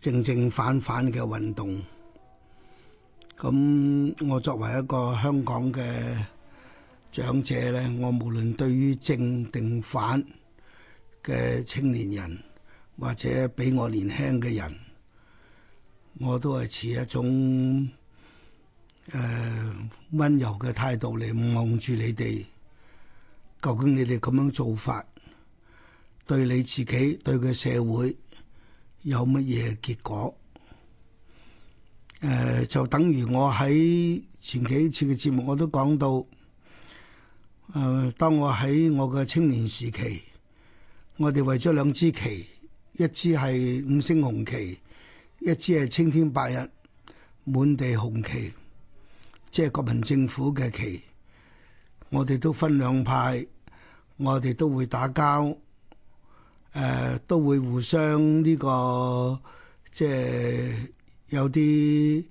正正反反嘅運動，咁我作為一個香港嘅長者咧，我無論對於正定反嘅青年人，或者比我年輕嘅人，我都係持一種誒温柔嘅態度嚟望住你哋。究竟你哋咁樣做法，對你自己，對佢社會，有乜嘢結果？誒、呃，就等於我喺前幾次嘅節目我都講到，誒、呃，當我喺我嘅青年時期，我哋為咗兩支旗，一支係五星紅旗，一支係青天白日滿地紅旗，即係國民政府嘅旗，我哋都分兩派，我哋都會打交。誒、呃、都會互相呢、呢個即係有啲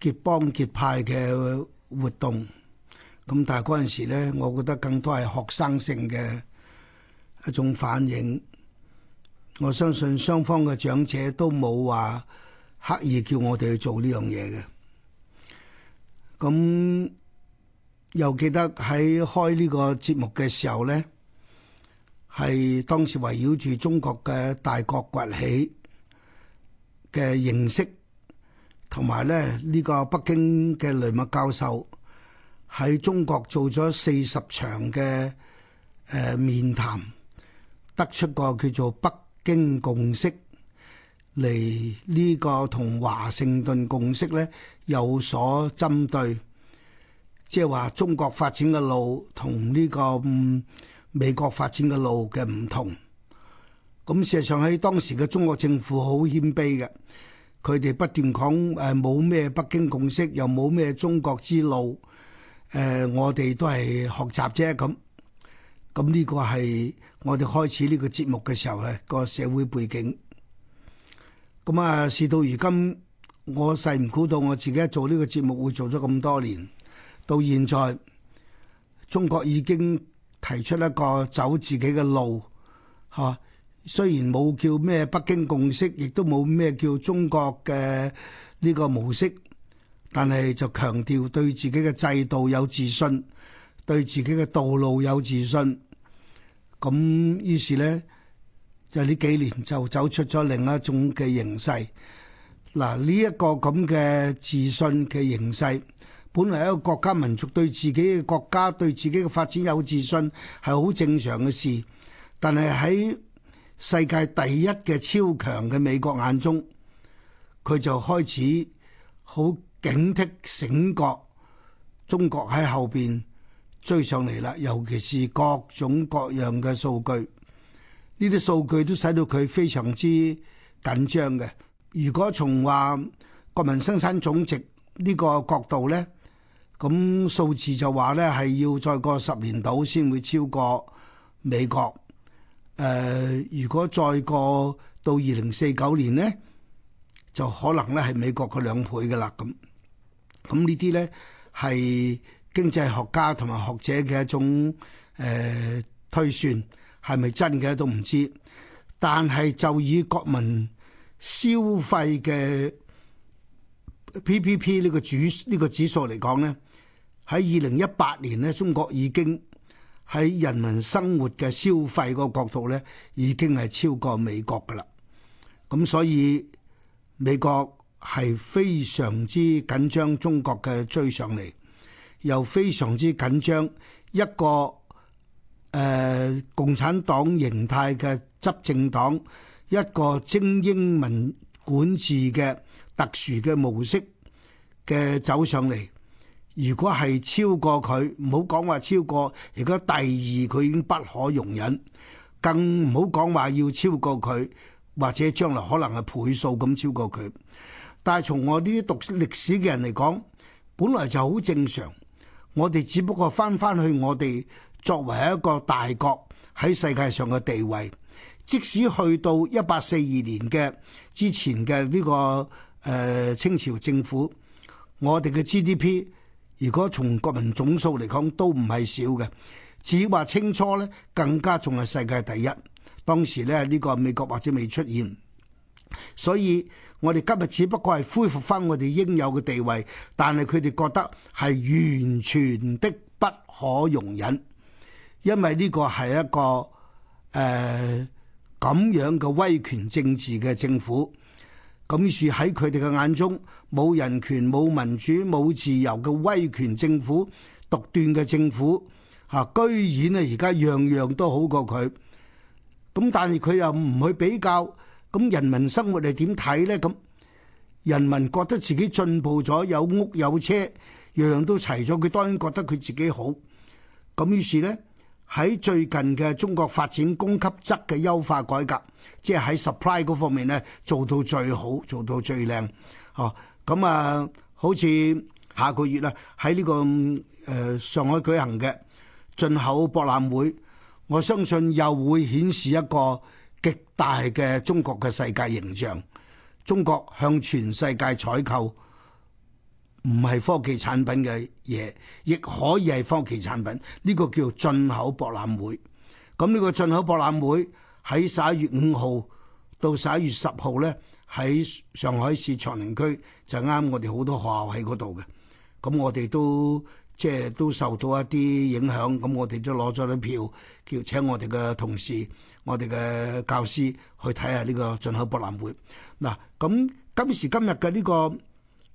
結幫結派嘅活動，咁但係嗰陣時咧，我覺得更多係學生性嘅一種反應。我相信雙方嘅長者都冇話刻意叫我哋去做呢樣嘢嘅。咁、嗯、又記得喺開呢個節目嘅時候咧。係當時圍繞住中國嘅大國崛起嘅認識，同埋咧呢、這個北京嘅雷默教授喺中國做咗四十場嘅誒、呃、面談，得出個叫做北京共識，嚟呢個同華盛頓共識咧有所針對，即係話中國發展嘅路同呢、這個，嗯美國發展嘅路嘅唔同，咁事實上喺當時嘅中國政府好謙卑嘅，佢哋不斷講誒冇咩北京共識，又冇咩中國之路，誒、呃、我哋都係學習啫咁。咁呢個係我哋開始呢個節目嘅時候咧，個社會背景。咁啊，事到如今，我細唔估到我自己做呢個節目會做咗咁多年，到現在中國已經。提出一個走自己嘅路，嚇、啊，雖然冇叫咩北京共識，亦都冇咩叫中國嘅呢個模式，但係就強調對自己嘅制度有自信，對自己嘅道路有自信。咁、啊、於是咧，就呢幾年就走出咗另一種嘅形勢。嗱、啊，呢、這、一個咁嘅自信嘅形勢。本嚟，一個國家民族對自己嘅國家、對自己嘅發展有自信，係好正常嘅事。但係喺世界第一嘅超強嘅美國眼中，佢就開始好警惕、醒覺，中國喺後邊追上嚟啦。尤其是各種各樣嘅數據，呢啲數據都使到佢非常之緊張嘅。如果從話國民生產總值呢個角度咧，咁數字就話咧，係要再過十年到先會超過美國。誒、呃，如果再過到二零四九年呢，就可能咧係美國嘅兩倍㗎喇。咁，咁呢啲咧係經濟學家同埋學者嘅一種誒、呃、推算，係咪真嘅都唔知。但係就以國民消費嘅 P P P 呢個主呢個指數嚟講，呢喺二零一八年，呢中國已經喺人民生活嘅消費個角度，呢已經係超過美國噶啦。咁所以美國係非常之緊張中國嘅追上嚟，又非常之緊張一個誒、呃、共產黨形態嘅執政黨，一個精英文管治嘅。特殊嘅模式嘅走上嚟，如果係超過佢，唔好講話超過，如果第二佢已經不可容忍，更唔好講話要超過佢，或者將來可能係倍數咁超過佢。但係從我呢啲讀歷史嘅人嚟講，本來就好正常。我哋只不過翻翻去我哋作為一個大國喺世界上嘅地位，即使去到一八四二年嘅之前嘅呢、這個。誒、呃，清朝政府，我哋嘅 GDP 如果從國民總數嚟講都唔係少嘅，只話清初咧更加仲係世界第一，當時咧呢、呢個美國或者未出現，所以我哋今日只不過係恢復翻我哋應有嘅地位，但係佢哋覺得係完全的不可容忍，因為呢個係一個誒咁、呃、樣嘅威權政治嘅政府。咁於是喺佢哋嘅眼中，冇人權、冇民主、冇自由嘅威權政府、獨斷嘅政府，嚇居然咧而家樣樣都好過佢。咁但係佢又唔去比較，咁人民生活你點睇呢？咁人民覺得自己進步咗，有屋有車，樣樣都齊咗，佢當然覺得佢自己好。咁於是呢。喺最近嘅中國發展供給側嘅優化改革，即係喺 supply 嗰方面咧做到最好，做到最靚哦。咁啊，好似下個月啊喺呢、呢個誒、呃、上海舉行嘅進口博覽會，我相信又會顯示一個極大嘅中國嘅世界形象。中國向全世界採購。唔係科技產品嘅嘢，亦可以係科技產品。呢個叫進口博覽會。咁呢個進口博覽會喺十一月五號到十一月十號呢，喺上海市長寧區就啱我哋好多學校喺嗰度嘅。咁我哋都即係都受到一啲影響，咁我哋都攞咗啲票，叫請我哋嘅同事、我哋嘅教師去睇下呢個進口博覽會。嗱，咁今時今日嘅呢個。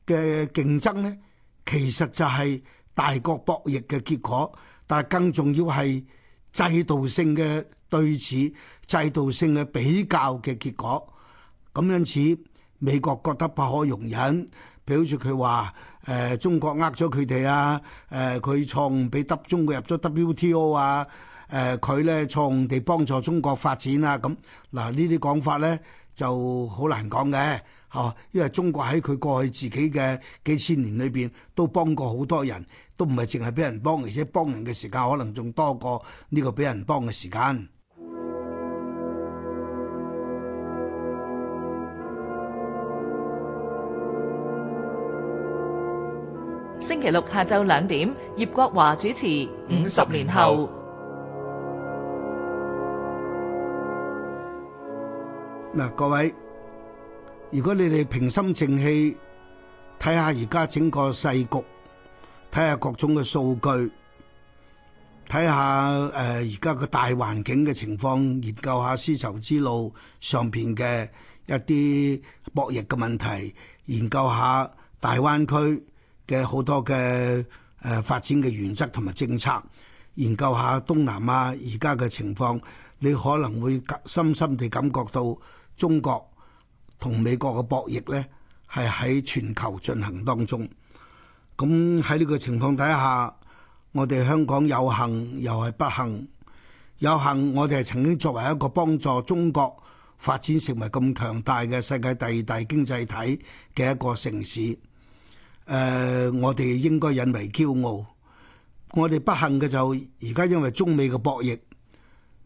嘅競爭咧，其實就係大國博弈嘅結果，但係更重要係制度性嘅對峙、制度性嘅比較嘅結果。咁因此，美國覺得不可容忍，譬如佢話：誒、呃、中國呃咗佢哋啊，誒佢錯誤俾中國入咗 WTO 啊、呃，誒佢咧錯誤地幫助中國發展啊。咁嗱，呢啲講法咧就好難講嘅。哦，因為中國喺佢過去自己嘅幾千年裏邊，都幫過好多人都唔係淨係俾人幫，而且幫人嘅時間可能仲多過呢個俾人幫嘅時間。星期六下晝兩點，葉國華主持《五十年後》。嗱，各位。如果你哋平心靜氣睇下而家整個世局，睇下各種嘅數據，睇下誒而家嘅大環境嘅情況，研究下絲綢之路上邊嘅一啲博弈嘅問題，研究下大灣區嘅好多嘅誒發展嘅原則同埋政策，研究下東南亞而家嘅情況，你可能會深深地感覺到中國同美國嘅博弈呢，係喺全球進行當中。咁喺呢個情況底下，我哋香港有幸又係不幸。有幸我哋係曾經作為一個幫助中國發展成為咁強大嘅世界第二大經濟體嘅一個城市。誒、呃，我哋應該引為驕傲。我哋不幸嘅就而家因為中美嘅博弈，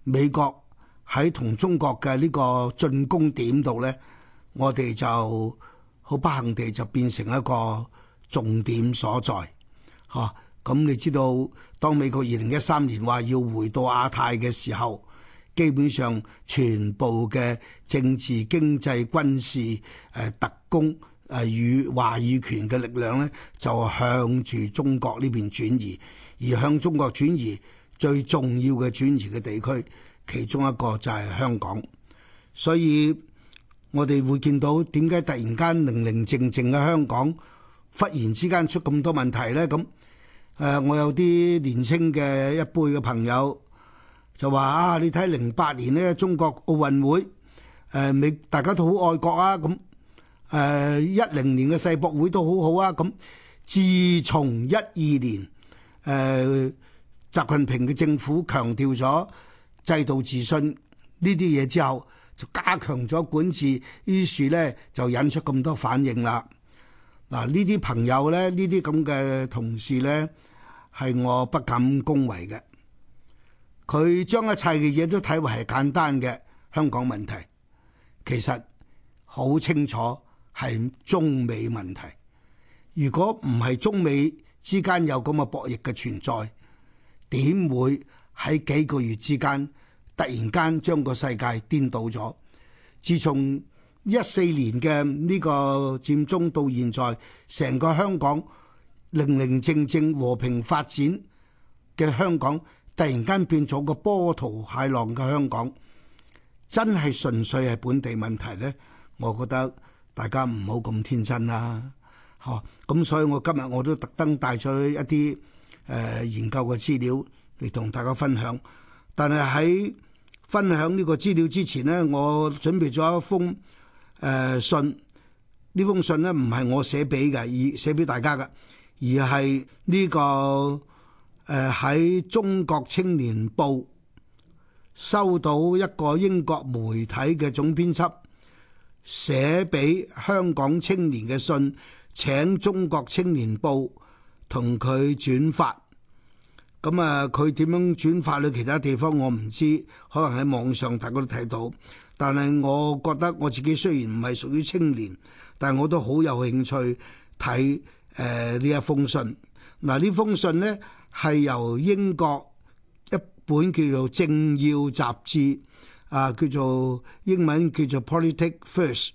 美國喺同中國嘅呢個進攻點度呢。我哋就好不幸地就變成一個重點所在，嚇、啊。咁你知道，當美國二零一三年話要回到亞太嘅時候，基本上全部嘅政治、經濟、軍事、誒、特工、誒、與話語權嘅力量呢，就向住中國呢邊轉移，而向中國轉移最重要嘅轉移嘅地區，其中一個就係香港，所以。我哋會見到點解突然間寧寧靜靜嘅香港，忽然之間出咁多問題咧？咁誒，我有啲年青嘅一輩嘅朋友就話啊，你睇零八年呢中國奧運會，誒，大家都好愛國啊！咁誒，一零年嘅世博會都好好啊！咁，自從一二年誒習近平嘅政府強調咗制度自信呢啲嘢之後。就加強咗管治，於是呢就引出咁多反應啦。嗱，呢啲朋友呢，呢啲咁嘅同事呢，係我不敢恭維嘅。佢將一切嘅嘢都睇為係簡單嘅香港問題，其實好清楚係中美問題。如果唔係中美之間有咁嘅博弈嘅存在，點會喺幾個月之間？突然間將個世界顛倒咗。自從一四年嘅呢個佔中到現在，成個香港零零正正和平發展嘅香港，突然間變咗個波濤駭浪嘅香港。真係純粹係本地問題呢？我覺得大家唔好咁天真啦、啊，嗬。咁所以我今日我都特登帶咗一啲誒研究嘅資料嚟同大家分享，但係喺分享呢個資料之前呢，我準備咗一封誒信。呢封信呢，唔係我寫俾嘅，而寫俾大家嘅，而係呢、這個誒喺呃、《中國青年報》收到一個英國媒體嘅總編輯，寫俾香港青年嘅信，請《中國青年報》同佢轉發。咁啊，佢點樣轉發去其他地方我唔知，可能喺網上大家都睇到。但係我覺得我自己雖然唔係屬於青年，但係我都好有興趣睇誒呢一封信。嗱，呢封信呢係由英國一本叫做《政要雜誌》啊，叫做英文叫做《Politic First》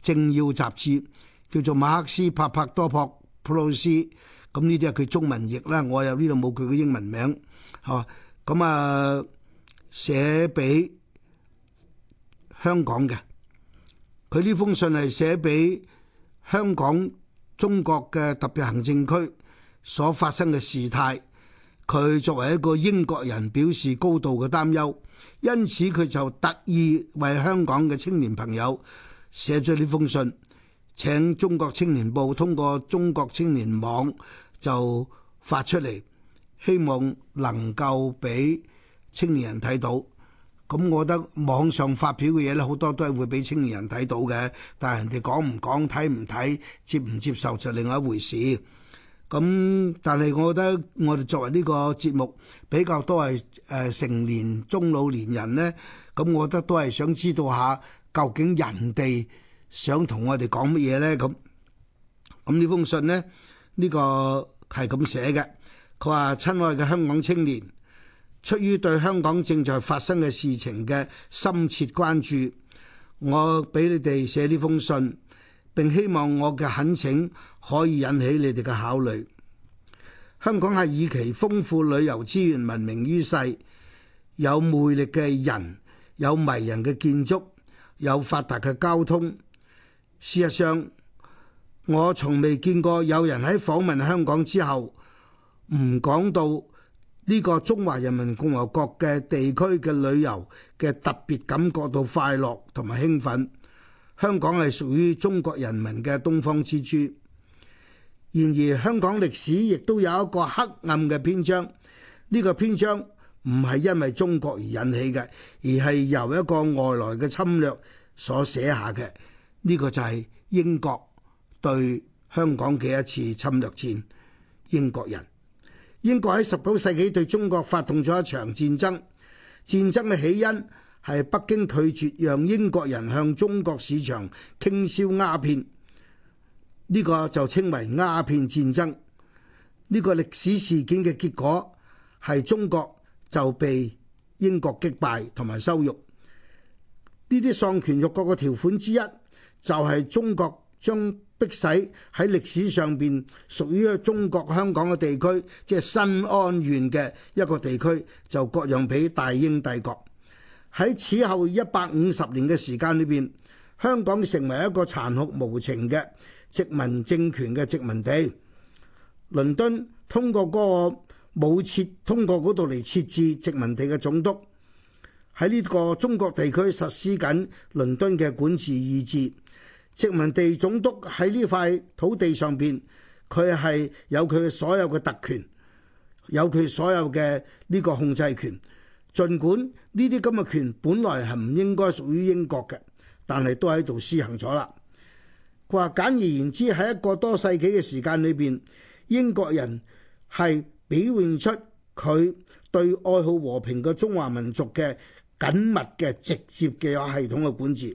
政要雜誌，叫做馬克思帕帕多珀普魯斯。咁呢啲係佢中文譯啦，我又呢度冇佢嘅英文名，嚇。咁啊，寫俾香港嘅，佢呢封信係寫俾香港中國嘅特別行政區所發生嘅事態，佢作為一個英國人表示高度嘅擔憂，因此佢就特意為香港嘅青年朋友寫咗呢封信。請《中國青年報》通過《中國青年網》就發出嚟，希望能夠俾青年人睇到。咁我覺得網上發表嘅嘢咧，好多都係會俾青年人睇到嘅，但係人哋講唔講、睇唔睇、接唔接受就另外一回事。咁但係我覺得我哋作為呢個節目，比較多係誒成年中老年人呢，咁我覺得都係想知道下究竟人哋。想同我哋講乜嘢呢？咁咁呢封信呢，呢個係咁寫嘅。佢話：親愛嘅香港青年，出於對香港正在發生嘅事情嘅深切關注，我俾你哋寫呢封信，並希望我嘅懇請可以引起你哋嘅考慮。香港係以其豐富旅遊資源聞名於世，有魅力嘅人，有迷人嘅建築，有發達嘅交通。事實上，我從未見過有人喺訪問香港之後唔講到呢個中華人民共和國嘅地區嘅旅遊嘅特別感覺到快樂同埋興奮。香港係屬於中國人民嘅東方之珠。然而，香港歷史亦都有一個黑暗嘅篇章。呢個篇章唔係因為中國而引起嘅，而係由一個外來嘅侵略所寫下嘅。呢個就係英國對香港嘅一次侵略戰，英國人，英國喺十九世紀對中國發動咗一場戰爭，戰爭嘅起因係北京拒絕讓英國人向中國市場傾銷鴉片。呢個就稱為鴉片戰爭，呢個歷史事件嘅結果係中國就被英國擊敗同埋羞辱。呢啲喪權辱國嘅條款之一。就係中國將迫使喺歷史上邊屬於中國香港嘅地區，即係新安縣嘅一個地區，就割讓俾大英帝國。喺此後一百五十年嘅時間裏邊，香港成為一個殘酷無情嘅殖民政權嘅殖民地。倫敦通過嗰個冇設通過嗰度嚟設置殖民地嘅總督，喺呢個中國地區實施緊倫敦嘅管治意志。殖民地總督喺呢塊土地上邊，佢係有佢所有嘅特權，有佢所有嘅呢個控制權。儘管呢啲咁嘅權本來係唔應該屬於英國嘅，但係都喺度施行咗啦。佢話簡而言之，喺一個多世紀嘅時間裏邊，英國人係表現出佢對愛好和平嘅中華民族嘅緊密嘅直接嘅有系統嘅管治。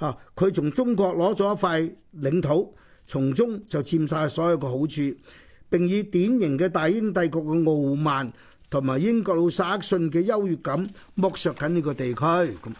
嚇！佢從中國攞咗一塊領土，從中就佔晒所有嘅好處，並以典型嘅大英帝國嘅傲慢同埋英國佬薩克遜嘅優越感，剝削緊呢個地區。咁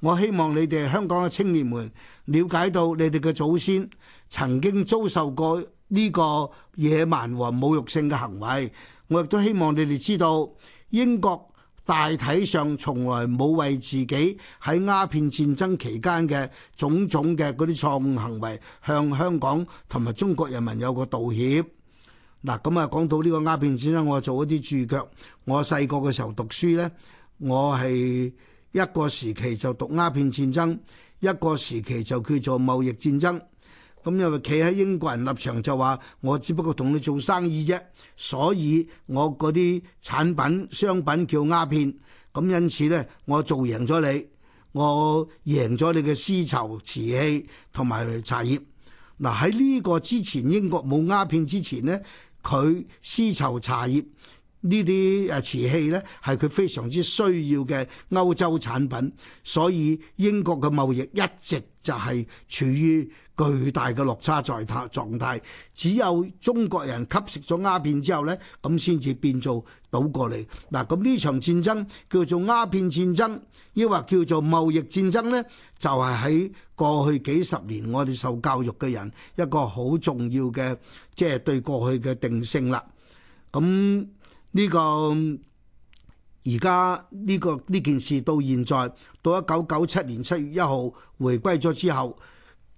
我希望你哋香港嘅青年們瞭解到你哋嘅祖先曾經遭受過呢個野蠻和侮辱性嘅行為。我亦都希望你哋知道英國。大體上從來冇為自己喺鴉片戰爭期間嘅種種嘅嗰啲錯誤行為向香港同埋中國人民有個道歉。嗱、啊，咁啊講到呢個鴉片戰爭，我做一啲注腳。我細個嘅時候讀書呢，我係一個時期就讀鴉片戰爭，一個時期就叫做貿易戰爭。咁因為企喺英國人立場就話，我只不過同你做生意啫，所以我嗰啲產品商品叫鴉片，咁因此呢，我做贏咗你，我贏咗你嘅絲綢、瓷器同埋茶葉。嗱喺呢個之前，英國冇鴉片之前呢，佢絲綢、茶葉。呢啲誒瓷器呢，係佢非常之需要嘅歐洲產品，所以英國嘅貿易一直就係處於巨大嘅落差在態狀態。只有中國人吸食咗鴉片之後呢，咁先至變做倒過嚟。嗱，咁呢場戰爭叫做鴉片戰爭，抑或叫做貿易戰爭呢，就係喺過去幾十年我哋受教育嘅人一個好重要嘅即係對過去嘅定性啦。咁。呢個而家呢個呢件事到現在到一九九七年七月一號回歸咗之後，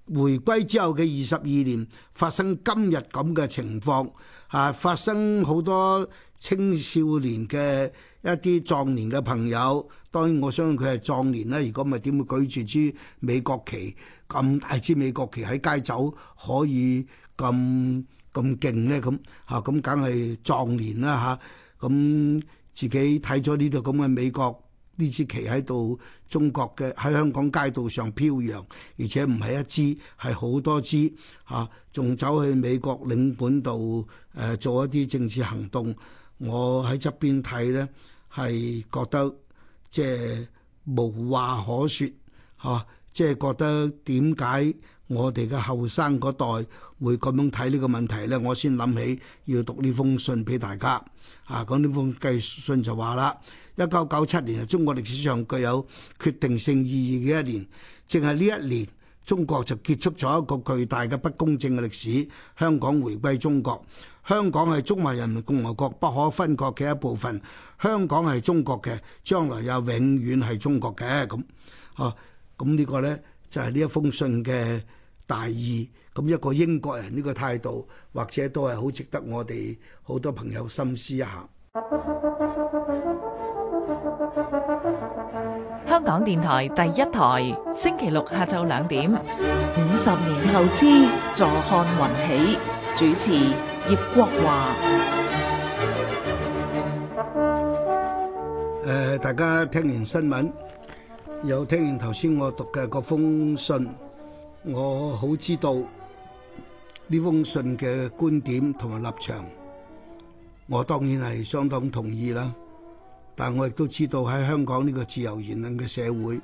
回歸之後嘅二十二年發生今日咁嘅情況。啊發生好多青少年嘅一啲壯年嘅朋友，當然我相信佢係壯年啦。如果唔係點會舉住支美國旗咁大支美國旗喺街走可以咁咁勁呢？咁嚇咁梗係壯年啦嚇。啊咁自己睇咗呢度咁嘅美國呢支旗喺度，中國嘅喺香港街道上飄揚，而且唔係一支，係好多支嚇，仲走去美國領館度誒做一啲政治行動。我喺側邊睇咧，係覺得即係無話可説嚇，即係覺得點解？我哋嘅後生嗰代會咁樣睇呢個問題呢，我先諗起要讀呢封信俾大家啊。講呢封寄信就話啦，一九九七年係中國歷史上具有決定性意義嘅一年，淨係呢一年中國就結束咗一個巨大嘅不公正嘅歷史，香港回歸中國，香港係中華人民共和國不可分割嘅一部分，香港係中國嘅，將來又永遠係中國嘅。咁啊，咁呢個呢就係呢一封信嘅。大意，咁一個英國人呢個態度，或者都係好值得我哋好多朋友深思一下。香港電台第一台，星期六下晝兩點，五十年後之，坐看雲起，主持葉國華。誒，大家聽完新聞，有聽完頭先我讀嘅嗰封信。我好知道呢封信嘅觀點同埋立場，我當然係相當同意啦。但我亦都知道喺香港呢個自由言論嘅社會，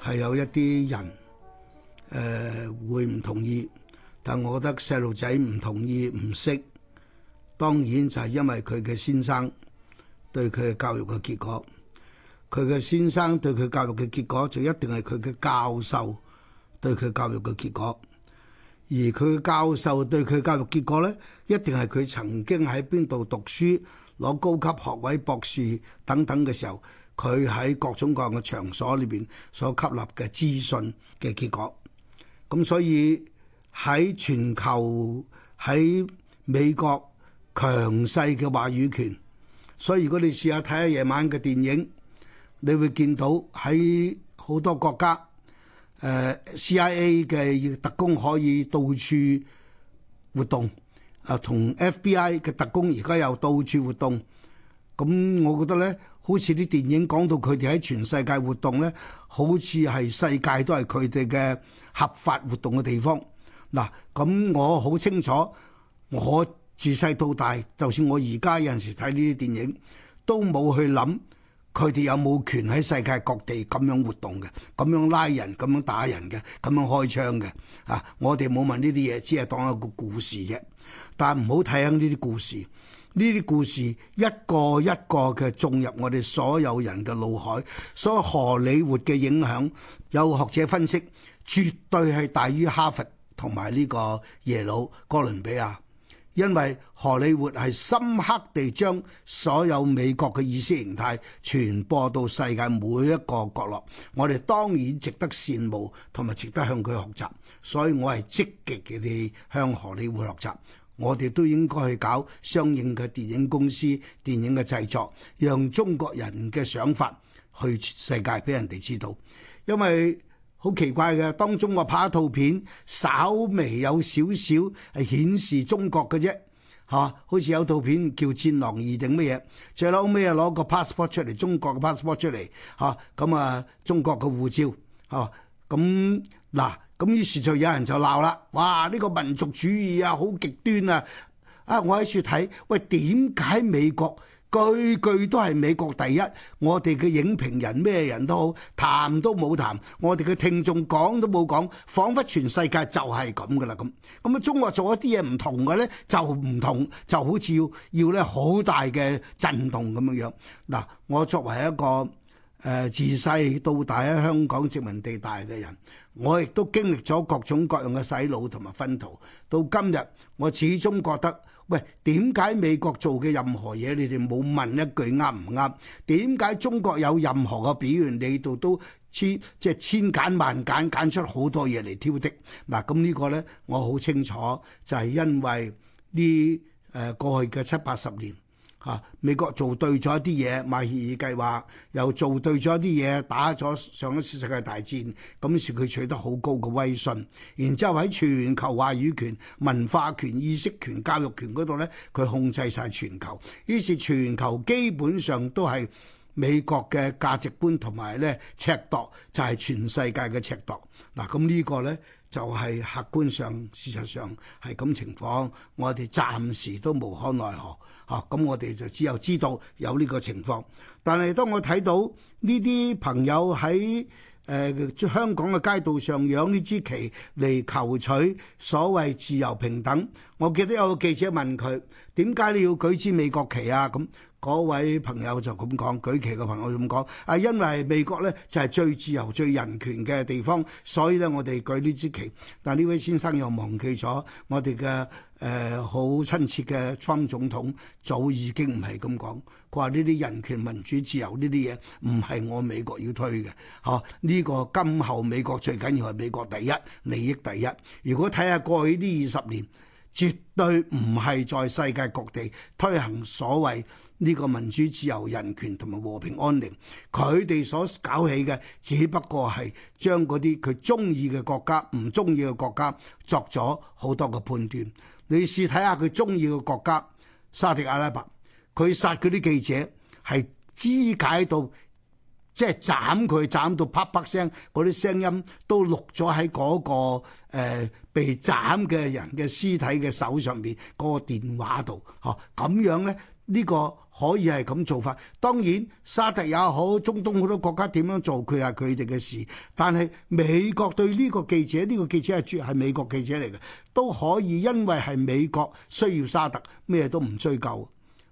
係有一啲人誒、呃、會唔同意。但我覺得細路仔唔同意唔識，當然就係因為佢嘅先生對佢嘅教育嘅結果，佢嘅先生對佢教育嘅結果就一定係佢嘅教授。對佢教育嘅結果，而佢教授對佢教育結果呢，一定係佢曾經喺邊度讀書，攞高級學位、博士等等嘅時候，佢喺各種各樣嘅場所裏邊所吸納嘅資訊嘅結果。咁所以喺全球喺美國強勢嘅話語權，所以如果你試下睇下夜晚嘅電影，你會見到喺好多國家。誒、uh, CIA 嘅特工可以到處活動，啊、uh, 同 FBI 嘅特工而家又到處活動，咁我覺得呢，好似啲電影講到佢哋喺全世界活動呢，好似係世界都係佢哋嘅合法活動嘅地方。嗱，咁我好清楚，我自細到大，就算我而家有陣時睇呢啲電影，都冇去諗。佢哋有冇權喺世界各地咁樣活動嘅，咁樣拉人、咁樣打人嘅、咁樣開槍嘅？啊，我哋冇問呢啲嘢，只係當一個故事啫。但唔好睇輕呢啲故事，呢啲故事一個一個嘅種入我哋所有人嘅腦海。所以荷里活嘅影響，有學者分析，絕對係大於哈佛同埋呢個耶魯、哥倫比亞。因為荷里活係深刻地將所有美國嘅意識形態傳播到世界每一個角落，我哋當然值得羨慕同埋值得向佢學習，所以我係積極嘅地向荷里活學習，我哋都應該去搞相應嘅電影公司、電影嘅製作，讓中國人嘅想法去全世界俾人哋知道，因為。好奇怪嘅，當中我拍一套片，稍微有少少係顯示中國嘅啫，嚇，好似有套片叫《戰狼二》定乜嘢，最後尾啊攞個 passport 出嚟，中國嘅 passport 出嚟，嚇、嗯，咁啊中國嘅護照，嚇、嗯，咁嗱，咁於是就有人就鬧啦，哇！呢、這個民族主義啊，好極端啊，啊，我喺處睇，喂，點解美國？句句都係美國第一，我哋嘅影評人咩人都好，談都冇談，我哋嘅聽眾講都冇講，仿佛全世界就係咁噶啦咁。咁啊，中國做一啲嘢唔同嘅呢，就唔同，就好似要呢好大嘅震動咁樣樣。嗱，我作為一個誒、呃、自細到大喺香港殖民地大嘅人，我亦都經歷咗各種各樣嘅洗腦同埋薰陶，到今日我始終覺得。喂，點解美國做嘅任何嘢，你哋冇問一句啱唔啱？點解中國有任何嘅表現，你度都千即係千揀萬揀揀出好多嘢嚟挑剔？嗱，咁呢個呢，我好清楚就係、是、因為呢誒、呃、過去嘅七八十年。嚇、啊！美國做對咗一啲嘢，馬歇爾計劃，又做對咗一啲嘢，打咗上一次世界大戰，咁是佢取得好高嘅威信。然之後喺全球話語權、文化權、意識權、教育權嗰度咧，佢控制晒全球。於是全球基本上都係美國嘅價值觀同埋咧尺度，就係、是、全世界嘅尺度。嗱、啊，咁呢個咧就係、是、客觀上、事實上係咁情況，我哋暫時都無可奈何。嚇！咁我哋就只有知道有呢個情況，但係當我睇到呢啲朋友喺誒、呃、香港嘅街道上養呢支旗嚟求取所謂自由平等，我記得有個記者問佢。點解你要舉支美國旗啊？咁嗰位朋友就咁講，舉旗嘅朋友咁講，啊因為美國咧就係、是、最自由、最人權嘅地方，所以咧我哋舉呢支旗。但係呢位先生又忘記咗我哋嘅誒好親切嘅川普總統早已經唔係咁講，佢話呢啲人權、民主、自由呢啲嘢唔係我美國要推嘅，嚇、啊、呢、呢個今後美國最緊要係美國第一，利益第一。如果睇下過去呢二十年。絕對唔係在世界各地推行所謂呢個民主、自由、人權同埋和平安寧。佢哋所搞起嘅只不過係將嗰啲佢中意嘅國家、唔中意嘅國家作咗好多嘅判斷。你試睇下佢中意嘅國家沙特阿拉伯，佢殺嗰啲記者係肢解到。即係斬佢斬到啪啪聲，嗰啲聲音都錄咗喺嗰個、呃、被斬嘅人嘅屍體嘅手上面嗰個電話度，嚇、啊、咁樣咧呢個可以係咁做法。當然沙特也好，中東好多國家點樣做佢係佢哋嘅事，但係美國對呢個記者，呢個記者係絕係美國記者嚟嘅，都可以因為係美國需要沙特咩都唔追究。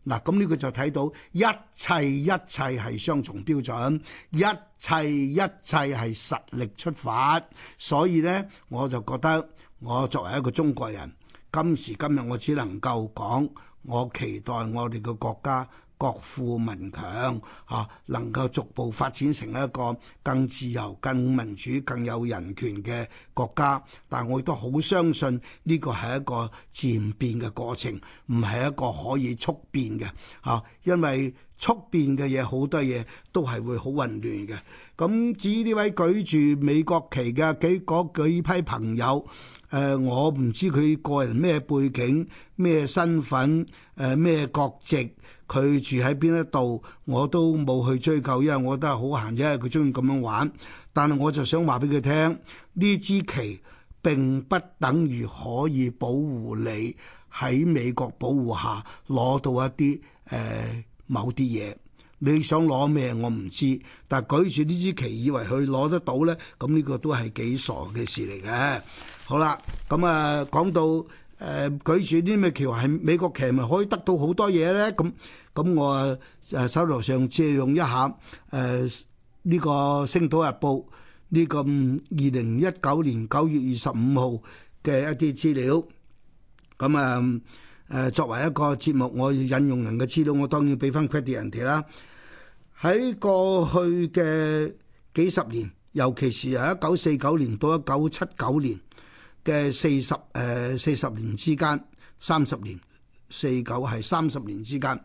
嗱，咁呢個就睇到一切一切係雙重標準，一切一切係實力出發，所以呢，我就覺得我作為一個中國人，今時今日我只能夠講，我期待我哋嘅國家。國富民強啊，能夠逐步發展成一個更自由、更民主、更有人權嘅國家。但我亦都好相信呢個係一個漸變嘅過程，唔係一個可以速變嘅啊。因為速變嘅嘢，好多嘢都係會好混亂嘅。咁至於呢位舉住美國旗嘅幾嗰幾批朋友。誒、呃，我唔知佢個人咩背景、咩身份、誒、呃、咩國籍，佢住喺邊一度，我都冇去追究，因為我都係好閒啫。佢中意咁樣玩。但係我就想話俾佢聽，呢支旗並不等於可以保護你喺美國保護下攞到一啲誒、呃、某啲嘢。你想攞咩？我唔知，但舉住呢支旗以為佢攞得到呢。咁呢個都係幾傻嘅事嚟嘅。好啦，咁啊，講到誒舉住啲咩橋係美國騎咪可以得到好多嘢咧？咁咁，我誒手頭上借用一下誒呢個《星島日報》呢個二零一九年九月二十五號嘅一啲資料。咁啊誒，作為一個節目，我要引用人嘅資料，我當然俾翻 credit 人哋啦。喺過去嘅幾十年，尤其是喺一九四九年到一九七九年。嘅四十誒四十年之間，三十年四九係三十年之間。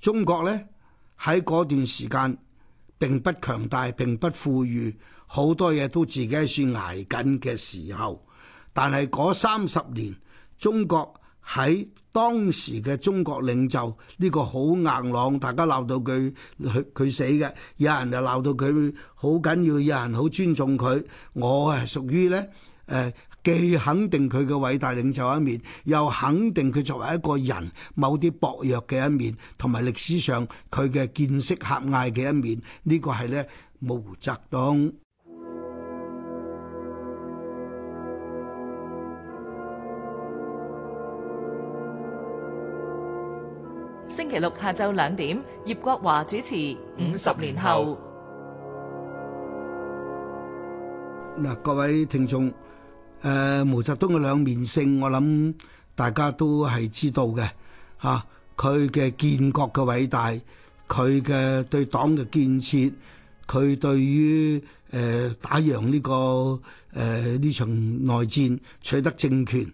中國呢，喺嗰段時間並不強大、並不富裕，好多嘢都自己算捱緊嘅時候。但係嗰三十年，中國喺當時嘅中國領袖呢、呢個好硬朗，大家鬧到佢佢死嘅，有人就鬧到佢好緊要，有人好尊重佢。我係屬於呢。誒、呃。既肯定佢嘅偉大領袖一面，又肯定佢作為一個人某啲薄弱嘅一面，同埋歷史上佢嘅見識狹隘嘅一面，呢個係咧毛澤東。星期六下晝兩點，葉國華主持《五十年後》。嗱，各位聽眾。誒、呃、毛澤東嘅兩面性，我諗大家都係知道嘅嚇。佢、啊、嘅建國嘅偉大，佢嘅對黨嘅建設，佢對於誒、呃、打贏呢、這個誒呢、呃、場內戰取得政權，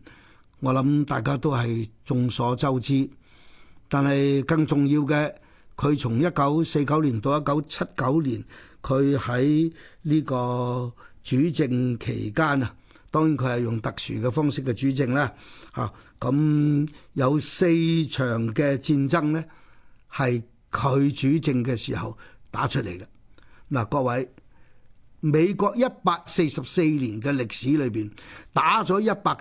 我諗大家都係眾所周知。但係更重要嘅，佢從一九四九年到一九七九年，佢喺呢個主政期間啊。當然佢係用特殊嘅方式嘅主政啦，吓咁有四場嘅戰爭呢，係佢主政嘅時候打出嚟嘅嗱，各位，美國一百四十四年嘅歷史裏邊打咗一百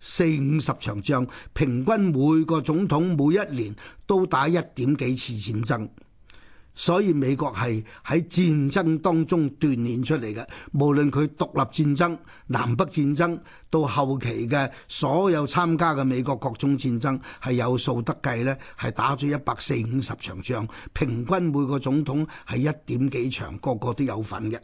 四五十場仗，平均每個總統每一年都打一點幾次戰爭。所以美國係喺戰爭當中鍛鍊出嚟嘅，無論佢獨立戰爭、南北戰爭到後期嘅所有參加嘅美國各種戰爭，係有數得計呢係打咗一百四五十場仗，平均每個總統係一點幾場，個個都有份嘅。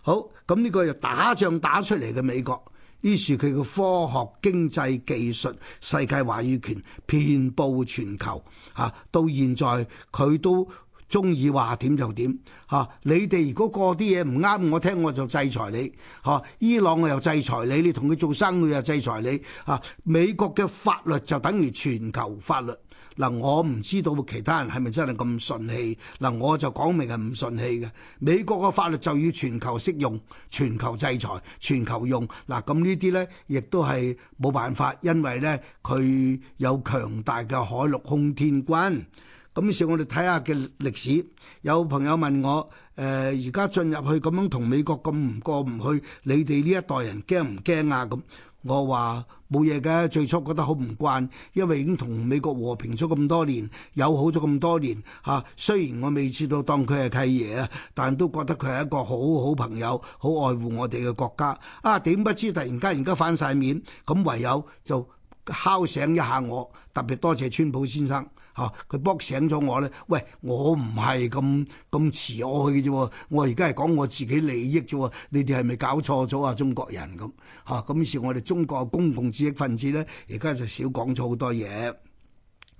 好咁呢個就打仗打出嚟嘅美國，於是佢嘅科學、經濟、技術、世界話語權遍佈全球，嚇、啊！到現在佢都。中意話點就點嚇、啊，你哋如果過啲嘢唔啱我聽，我就制裁你嚇、啊。伊朗我又制裁你，你同佢做生意又制裁你嚇、啊。美國嘅法律就等於全球法律嗱、啊，我唔知道其他人係咪真係咁順氣嗱、啊，我就講明係唔順氣嘅。美國嘅法律就要全球適用、全球制裁、全球用嗱。咁呢啲呢，亦都係冇辦法，因為呢，佢有強大嘅海陸空天軍。咁於是，我哋睇下嘅歷史。有朋友問我：誒、呃，而家進入去咁樣同美國咁唔過唔去，你哋呢一代人驚唔驚啊？咁我話冇嘢嘅，最初覺得好唔慣，因為已經同美國和平咗咁多年，友好咗咁多年。嚇、啊，雖然我未知道當佢係契爺啊，但都覺得佢係一個好好朋友，好愛護我哋嘅國家。啊，點不知突然間而家反晒面，咁唯有就敲醒一下我。特別多謝川普先生。吓，佢卜醒咗我咧。喂，我唔係咁咁遲我去嘅啫，我而家係講我自己利益啫。你哋係咪搞錯咗啊？中國人咁，嚇、啊、咁於是，我哋中國嘅公共知識分子咧，而家就少講咗好多嘢，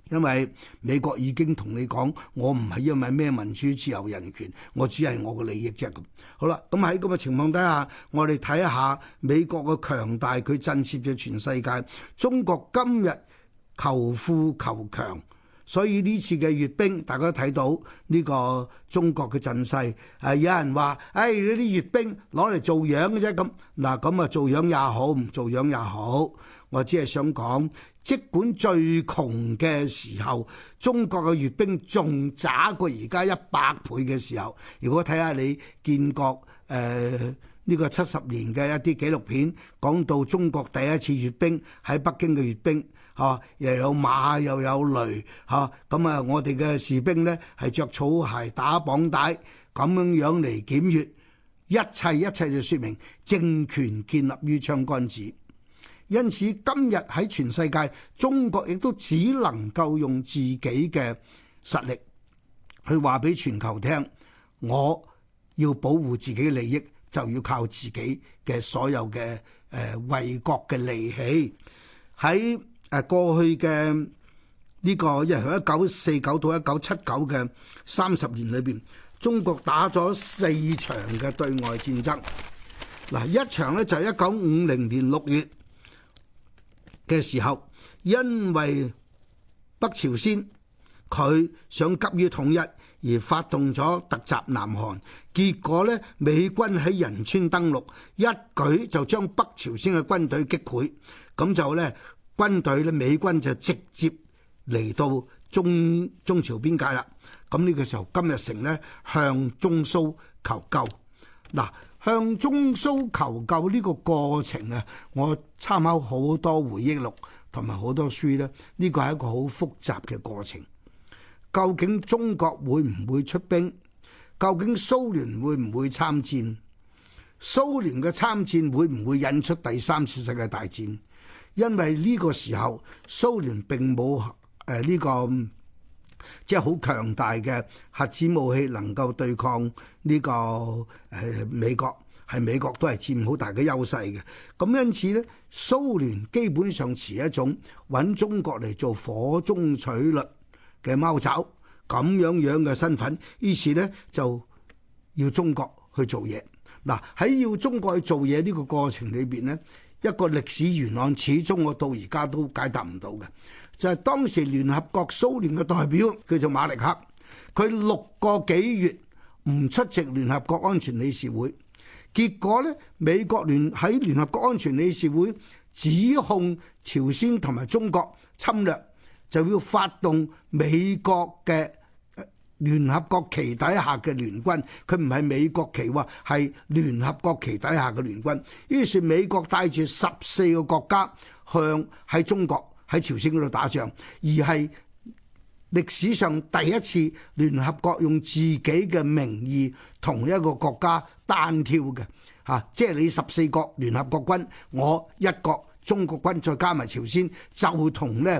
因為美國已經同你講，我唔係因為咩民主自由人權，我只係我嘅利益啫。咁好啦，咁喺咁嘅情況底下，我哋睇一下美國嘅強大，佢震懾咗全世界。中國今日求富求強。所以呢次嘅閱兵，大家都睇到呢個中國嘅陣勢。誒、呃，有人話：哎「誒呢啲閱兵攞嚟做樣嘅啫」。咁嗱，咁啊做樣也好，唔做樣也好。我只係想講，即管最窮嘅時候，中國嘅閱兵仲渣過而家一百倍嘅時候。如果睇下你建國誒呢、呃這個七十年嘅一啲紀錄片，講到中國第一次閱兵喺北京嘅閱兵。吓、啊，又有馬又有驢吓，咁啊！我哋嘅士兵呢係着草鞋打綁帶咁樣樣嚟檢閱，一切一切就說明政權建立於槍杆子。因此今日喺全世界，中國亦都只能夠用自己嘅實力去話俾全球聽，我要保護自己嘅利益就要靠自己嘅所有嘅誒衛國嘅利器喺。誒過去嘅呢個，一九四九到一九七九嘅三十年裏邊，中國打咗四場嘅對外戰爭。嗱，一場咧就係一九五零年六月嘅時候，因為北朝鮮佢想急於統一而發動咗突襲南韓，結果咧美軍喺仁川登陸，一舉就將北朝鮮嘅軍隊擊潰，咁就咧。軍隊咧，美軍就直接嚟到中中朝邊界啦。咁呢個時候，金日成呢，向中蘇求救。嗱，向中蘇求救呢個過程啊，我參考好多回憶錄同埋好多書咧，呢個係一個好複雜嘅過程。究竟中國會唔會出兵？究竟蘇聯會唔會參戰？蘇聯嘅參戰會唔會引出第三次世界大戰？因為呢個時候蘇聯並冇誒呢個即係好強大嘅核子武器能夠對抗呢、呢個誒、呃、美國，係美國都係佔好大嘅優勢嘅。咁因此呢蘇聯基本上持一種揾中國嚟做火中取栗嘅貓爪咁樣樣嘅身份，於是呢，就要中國去做嘢。嗱，喺要中國去做嘢呢個過程裏邊呢。一個歷史冤案，始終我到而家都解答唔到嘅，就係當時聯合國蘇聯嘅代表叫做馬立克，佢六個幾月唔出席聯合國安全理事會，結果呢，美國聯喺聯合國安全理事會指控朝鮮同埋中國侵略，就要發動美國嘅。聯合國旗底下嘅聯軍，佢唔係美國旗喎，係聯合國旗底下嘅聯軍。於是美國帶住十四個國家向喺中國喺朝鮮嗰度打仗，而係歷史上第一次聯合國用自己嘅名義同一個國家單挑嘅嚇，啊，即係你十四國聯合國軍，我一國中國軍再加埋朝鮮，就同呢。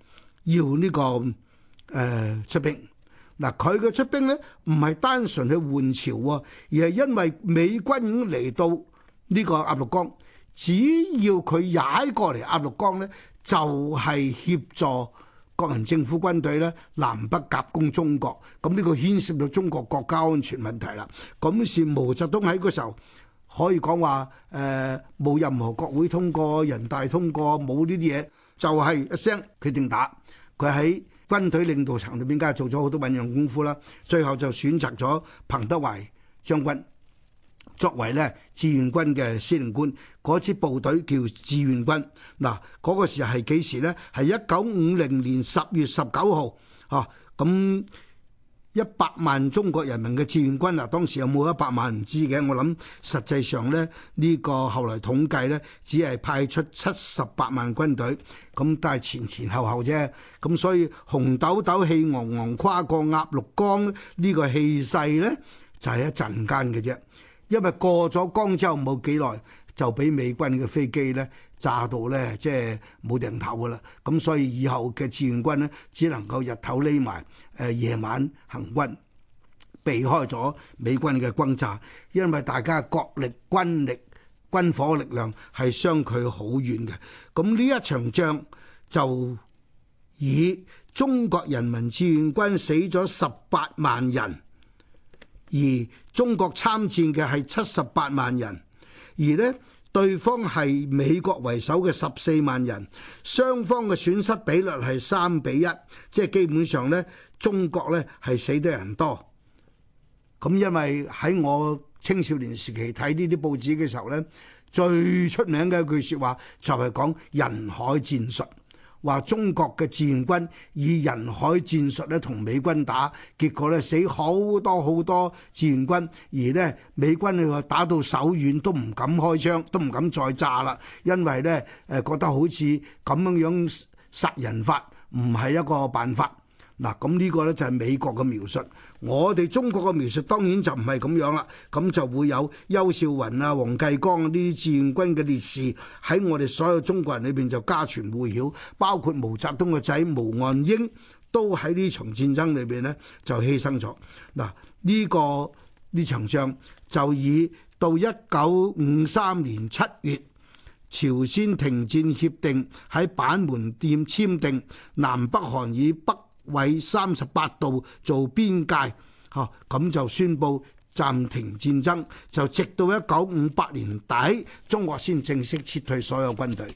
要呢、這個誒、呃、出兵嗱，佢嘅出兵咧唔係單純去援朝喎，而係因為美軍已經嚟到呢個鴨綠江，只要佢踩過嚟鴨綠江咧，就係、是、協助國民政府軍隊咧南北夾攻中國，咁呢個牽涉到中國國家安全問題啦。咁是毛澤東喺嗰時候可以講話誒冇任何國會通過、人大通過，冇呢啲嘢，就係、是、一聲決定打。佢喺軍隊領導層裏邊，梗係做咗好多運用功夫啦。最後就選擇咗彭德懷將軍作為咧志願軍嘅司令官。嗰支部隊叫志願軍。嗱，嗰個時候係幾時呢？係一九五零年十月十九號。嚇、啊，咁、嗯。一百萬中國人民嘅志願軍啊，當時有冇一百萬唔知嘅，我諗實際上咧呢個後來統計咧，只係派出七十八萬軍隊，咁但係前前後後啫。咁所以雄赳赳氣昂昂跨過鴨綠江呢個氣勢咧，就係、是、一陣間嘅啫，因為過咗江之後冇幾耐，就俾美軍嘅飛機咧。炸到呢，即係冇埞頭噶啦。咁所以以後嘅志願軍呢，只能夠日頭匿埋，誒、呃、夜晚行軍，避開咗美軍嘅轟炸。因為大家國力、軍力、軍火力量係相距好遠嘅。咁呢一場仗就以中國人民志願軍死咗十八萬人，而中國參戰嘅係七十八萬人，而呢。對方係美國為首嘅十四萬人，雙方嘅損失比率係三比一，即係基本上呢中國呢係死得人多。咁因為喺我青少年時期睇呢啲報紙嘅時候呢，最出名嘅一句説話就係講人海戰術。話中國嘅志願軍以人海戰術咧同美軍打，結果咧死好多好多志願軍，而呢，美軍你話打到手軟都唔敢開槍，都唔敢再炸啦，因為呢誒覺得好似咁樣樣殺人法唔係一個辦法。嗱，咁呢個咧就係美國嘅描述。我哋中國嘅描述當然就唔係咁樣啦。咁就會有邱少雲啊、黃繼光呢啲志願軍嘅烈士喺我哋所有中國人裏邊就家傳戶曉，包括毛澤東嘅仔毛岸英都喺呢場戰爭裏邊咧就犧牲咗。嗱、這個，呢個呢場仗就以到一九五三年七月朝鮮停戰協定喺板門店簽訂，南北韓以北，為三十八度做邊界，吓，咁就宣布暫停戰爭，就直到一九五八年底，中國先正式撤退所有軍隊。